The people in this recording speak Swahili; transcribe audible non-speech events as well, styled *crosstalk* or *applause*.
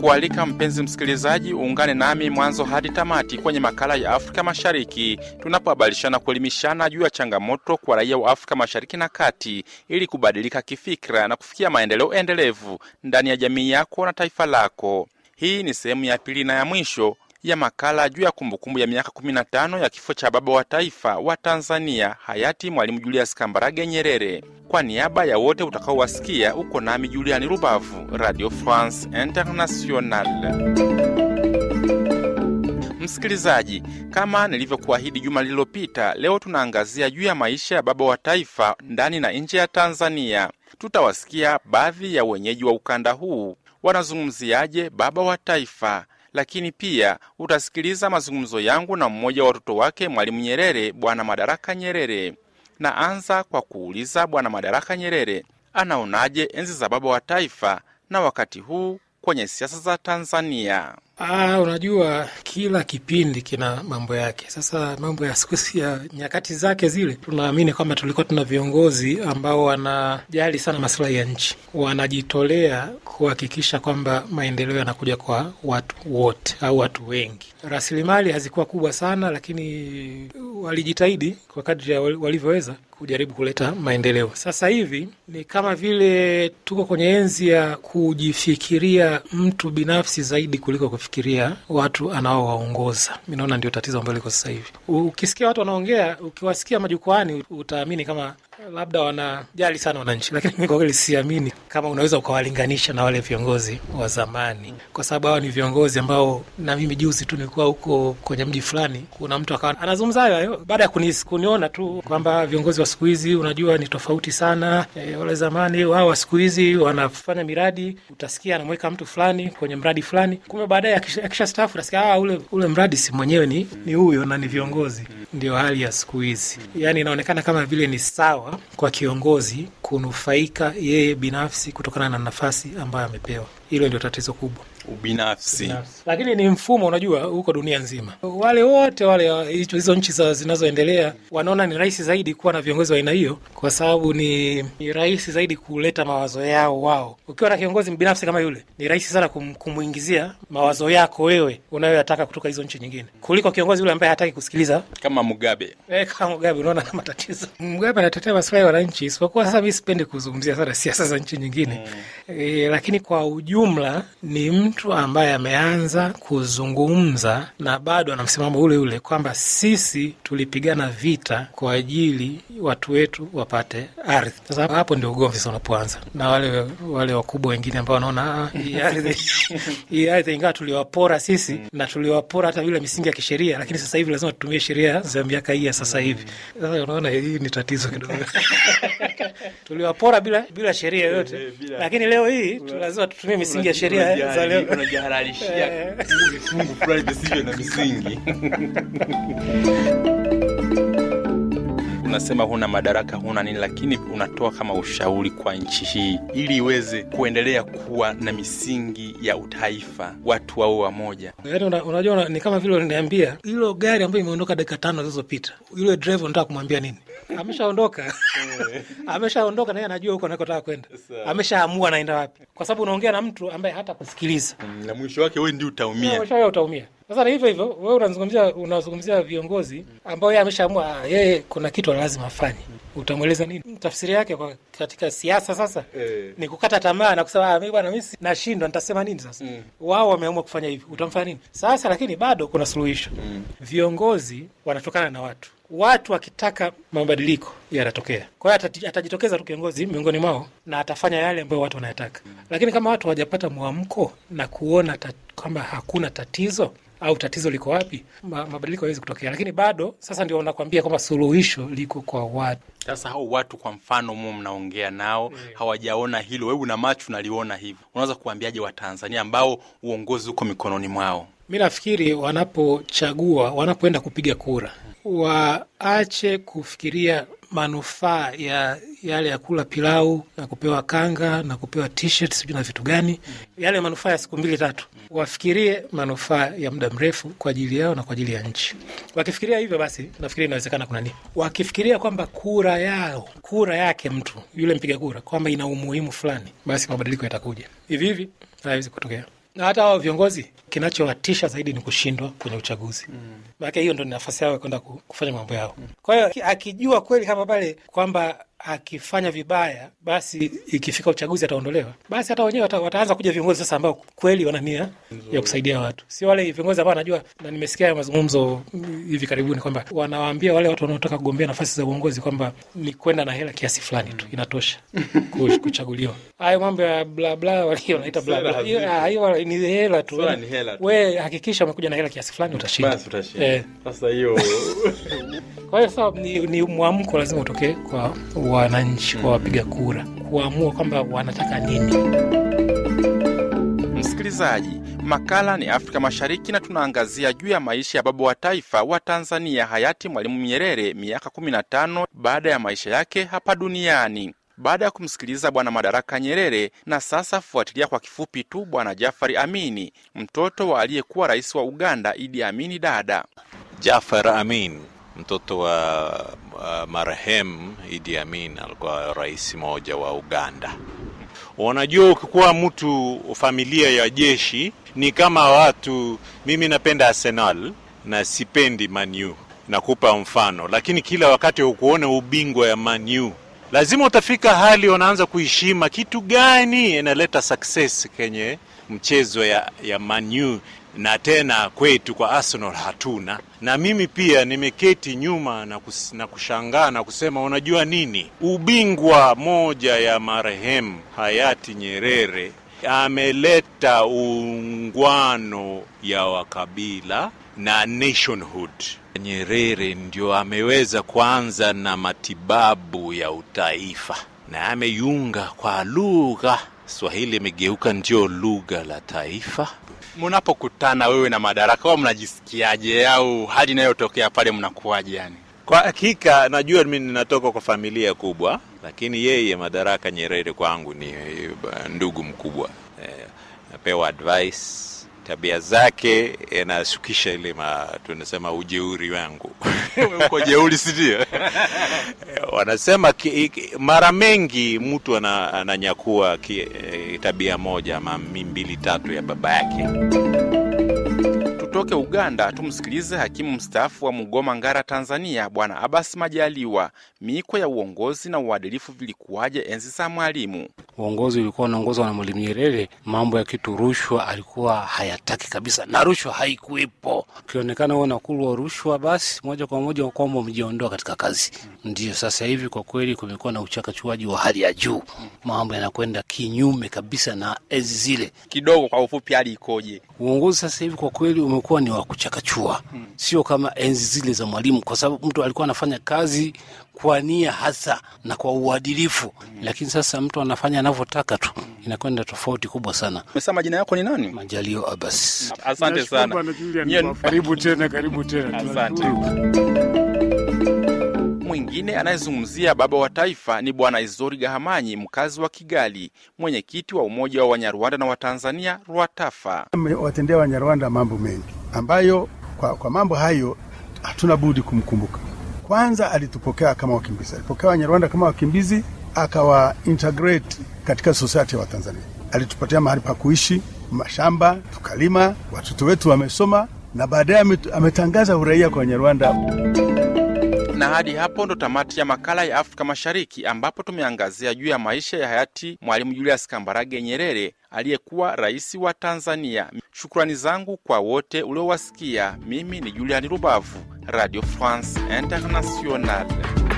kualika mpenzi msikilizaji uungane nami mwanzo hadi tamati kwenye makala ya Afrika Mashariki tunapohabarishana kuelimishana juu ya changamoto kwa raia wa Afrika Mashariki na Kati ili kubadilika kifikra na kufikia maendeleo endelevu ndani ya jamii yako na taifa lako. Hii ni sehemu ya pili na ya mwisho ya makala juu ya kumbukumbu ya miaka 15 ya kifo cha baba wa taifa wa Tanzania hayati Mwalimu Julius Kambarage Nyerere. Kwa niaba ya wote utakaowasikia, uko nami Juliani Rubavu, Radio France International. Msikilizaji, kama nilivyokuahidi juma lililopita, leo tunaangazia juu ya maisha ya baba wa taifa ndani na nje ya Tanzania. Tutawasikia baadhi ya wenyeji wa ukanda huu wanazungumziaje baba wa taifa, lakini pia utasikiliza mazungumzo yangu na mmoja wa watoto wake Mwalimu Nyerere, Bwana Madaraka Nyerere. Na anza kwa kuuliza Bwana Madaraka Nyerere anaonaje enzi za baba wa taifa na wakati huu kwenye siasa za Tanzania? Aa, ah, unajua kila kipindi kina mambo yake. Sasa mambo ya siku ya nyakati zake zile, tunaamini kwamba tulikuwa tuna viongozi ambao wanajali sana masilahi ya nchi, wanajitolea kuhakikisha kwamba maendeleo yanakuja kwa watu wote au watu wengi. Rasilimali hazikuwa kubwa sana, lakini walijitahidi kwa kadri ya walivyoweza kujaribu kuleta maendeleo. Sasa hivi ni kama vile tuko kwenye enzi ya kujifikiria mtu binafsi zaidi kuliko kufikiria watu anaowaongoza. Mi naona ndio tatizo ambayo liko sasa hivi. Ukisikia watu wanaongea, ukiwasikia majukwani, utaamini kama labda wanajali sana wananchi, *laughs* lakini mi kwa kweli siamini kama unaweza ukawalinganisha na wale viongozi wa zamani, kwa sababu hawa ni viongozi ambao, na mimi juzi tu nilikuwa huko kwenye mji fulani, kuna mtu akawa anazungumza hayo baada ya kuniona tu kwamba viongozi wa siku hizi unajua ni tofauti sana. E, wale zamani wao wa siku hizi wanafanya miradi, utasikia anamweka mtu fulani kwenye mradi fulani, kumbe baadaye akisha stafu utasikia ah, ule, ule mradi si mwenyewe ni ni huyo na ni viongozi. Ndio hali ya siku hizi, yaani inaonekana kama vile ni sawa kwa kiongozi kunufaika yeye binafsi kutokana na nafasi ambayo amepewa. Hilo ndio tatizo kubwa ubinafsi. Binafsi. Lakini ni mfumo unajua, huko dunia nzima wale wote wale hizo nchi zinazoendelea wanaona ni rahisi zaidi kuwa na viongozi wa aina hiyo, kwa sababu ni, ni rahisi zaidi kuleta mawazo yao wao. Ukiwa na kiongozi binafsi kama yule, ni rahisi sana kum, kumwingizia mawazo yako wewe unayoyataka kutoka hizo nchi nyingine, kuliko kiongozi yule ambaye hataki kusikiliza kama Mugabe. E, kama Mugabe, unaona kama tatizo. Mugabe anatetea masilahi ya wananchi, isipokuwa sasa mi sipendi kuzungumzia sana siasa za nchi nyingine mm. E, lakini kwa ujumla ni mtu mtu ambaye ameanza kuzungumza na bado ana msimamo ule ule kwamba sisi tulipigana vita kwa ajili watu wetu wapate ardhi. Sasa hapo ndio ugomvi sasa unapoanza, na wale wale wakubwa wengine ambao wanaona ah, *laughs* hii ardhi ingawa tuliwapora sisi mm. na tuliwapora hata bila misingi ya kisheria, lakini sasa hivi lazima tutumie sheria za miaka hii ya sasa hivi. Mm. Sasa unaona hii ni tatizo kidogo. *laughs* *laughs* tuliwapora bila bila sheria yoyote, eh, lakini leo hii lazima tutumie misingi ya sheria eh, za leo. Unajihalalishia vifungu *laughs* fulani visivyo na misingi. *laughs* unasema huna madaraka, huna nini, lakini unatoa kama ushauri kwa nchi hii ili iweze kuendelea kuwa na misingi ya utaifa, watu wao wamoja. Yani una, unajua una, ni kama vile uliniambia hilo gari ambayo imeondoka dakika tano zilizopita, yule driver unataka kumwambia nini? Ameshaondoka, *laughs* ameshaondoka naye anajua huko anakotaka kwenda, ameshaamua naenda wapi, kwa sababu unaongea na mtu ambaye hata kusikiliza, mm, na mwisho wake wewe ndio utaumia, mwisho wake utaumia. Sasa na hivyo hivyo wewe unazungumzia unazungumzia viongozi ambao yeye ameshaamua ah, yeye kuna kitu lazima afanye, utamweleza nini? Tafsiri yake kwa katika siasa sasa e, ni kukata tamaa na kusema ah, mimi bwana, mimi nashindwa, nitasema nini sasa? Mm. Wao wameamua kufanya hivi, utamfanya nini sasa? Lakini bado kuna suluhisho. Mm. Viongozi wanatokana na watu watu wakitaka mabadiliko yanatokea. Kwa hiyo atajitokeza tu kiongozi miongoni mwao na atafanya yale ambayo watu wanayataka, mm. lakini kama watu hawajapata mwamko na kuona kwamba hakuna tatizo, au tatizo liko wapi, mabadiliko yawezi kutokea, lakini bado sasa ndio nakwambia kwamba suluhisho liko kwa watu. Sasa hao watu kwa mfano mu mnaongea nao yeah, hawajaona hilo, wewe una macho unaliona hivi, unaweza kuambiaje Watanzania ambao uongozi uko mikononi mwao? Mi nafikiri wanapochagua, wanapoenda kupiga kura, waache kufikiria manufaa ya yale ya kula pilau na kupewa kanga na kupewa t-shirt sijui na vitu gani, yale manufaa ya siku mbili tatu, wafikirie manufaa ya muda mrefu kwa ajili yao na kwa ajili ya nchi. Wakifikiria hivyo, basi nafikiri inawezekana. Kuna nini, wakifikiria kwamba kura yao, kura yake mtu yule mpiga kura kwamba ina umuhimu fulani, basi mabadiliko yatakuja hivi hivi, hayawezi kutokea na hata hao viongozi, kinachowatisha zaidi ni kushindwa kwenye uchaguzi mm. Maanake hiyo ndo ni nafasi yao ya kwenda kufanya mambo yao mm. Kwa hiyo akijua kweli hapa pale kwamba akifanya vibaya, basi ikifika uchaguzi ataondolewa, basi hata wenyewe wataanza kuja viongozi sasa ambao kweli wana nia ya kusaidia watu, sio wale viongozi ambao anajua. Na nimesikia mazungumzo hivi karibuni kwamba wanawaambia wale watu wanaotaka kugombea nafasi za uongozi kwamba ni kwenda na hela kiasi fulani tu inatosha *laughs* kuchaguliwa. Hayo mambo ya blabla wanaita blabla, hiyo ni hela tu. We hakikisha umekuja na hela kiasi fulani, utashinda. Eh. Sasa hiyo, *laughs* kwa hiyo sasa ni mwamko lazima utokee kwa kwa wananchi, kwa wapiga kura kuamua kwamba wanataka nini. Msikilizaji, makala ni Afrika Mashariki na tunaangazia juu ya maisha ya baba wa taifa wa Tanzania hayati Mwalimu Nyerere miaka 15 baada ya maisha yake hapa duniani. Baada ya kumsikiliza Bwana Madaraka Nyerere, na sasa fuatilia kwa kifupi tu Bwana Jafari Amini, mtoto wa aliyekuwa rais wa Uganda Idi Amini. Dada Jafar Amin, mtoto wa uh, marehemu Idi Amin alikuwa rais moja wa Uganda. Wanajua, ukikuwa mtu familia ya jeshi ni kama watu, mimi napenda Arsenal na sipendi Manu. Nakupa mfano, lakini kila wakati ukuone ubingwa ya Manu lazima utafika hali wanaanza kuheshima kitu gani inaleta success kenye mchezo ya, ya Manu na tena kwetu kwa Arsenal hatuna. Na mimi pia nimeketi nyuma na, kus, na kushangaa na kusema unajua nini, ubingwa moja ya marehemu hayati Nyerere ameleta uungwano ya wakabila na nationhood. Nyerere ndio ameweza kuanza na matibabu ya utaifa na ameyunga kwa lugha Swahili imegeuka ndio lugha la taifa. Mnapokutana wewe na madaraka, wao mnajisikiaje, au hali inayotokea pale mnakuwaje? Yani kwa hakika najua mimi ninatoka kwa familia kubwa, lakini yeye Madaraka Nyerere kwangu ni eh, ndugu mkubwa. E, napewa advice tabia zake inashukisha ile ma, tunasema ujeuri wangu *laughs* uko jeuri, si ndio? *laughs* wanasema ki, mara mengi mtu ananyakua eh, tabia moja ama mbili tatu ya baba yake. Tutoke Uganda tumsikilize hakimu mstaafu wa Mugoma Ngara, Tanzania, Bwana Abasi Majaliwa. Miiko ya uongozi na uadilifu vilikuwaje enzi za Mwalimu? Uongozi ulikuwa unaongozwa na Mwalimu Nyerere. Mambo ya kitu rushwa alikuwa hayataki kabisa, na rushwa haikuwepo. Ukionekana huo nakulwa rushwa, basi moja kwa moja kwamba umejiondoa katika kazi. Ndio sasa hivi kwa kweli kumekuwa na uchakachuaji wa hali ya juu, mambo yanakwenda kinyume kabisa na enzi zile. Kidogo kwa ufupi, hali ikoje uongozi sasa hivi? Kwa kweli umekuwa ulikuwa ni wa kuchakachua hmm. Sio kama enzi zile za Mwalimu, kwa sababu mtu alikuwa anafanya kazi kwa nia hasa na kwa uadilifu hmm. Lakini sasa mtu anafanya anavyotaka tu hmm. Inakwenda tofauti kubwa sana. Umesema majina yako ni nani? Majalio Abbas. Asante sana. Karibu tena, karibu tena. Asante. Mwingine anayezungumzia baba wa taifa ni Bwana Izori Gahamanyi, mkazi wa Kigali, mwenyekiti wa umoja wa Wanyarwanda na Watanzania, RWATAFA. Watendea Wanyarwanda mambo mengi ambayo kwa, kwa mambo hayo hatuna budi kumkumbuka. Kwanza alitupokea kama wakimbizi, alipokea Wanyarwanda kama wakimbizi, akawa integrate katika society ya Watanzania. Alitupatia mahali pa kuishi, mashamba tukalima, watoto wetu wamesoma, na baadaye ametangaza uraia kwa Wanyarwanda. Na hadi hapo ndo tamati ya makala ya Afrika Mashariki, ambapo tumeangazia juu ya maisha ya hayati Mwalimu Julius Kambarage Nyerere aliyekuwa rais wa Tanzania. Shukrani zangu kwa wote uliowasikia. Mimi ni Juliani Rubavu, Radio France international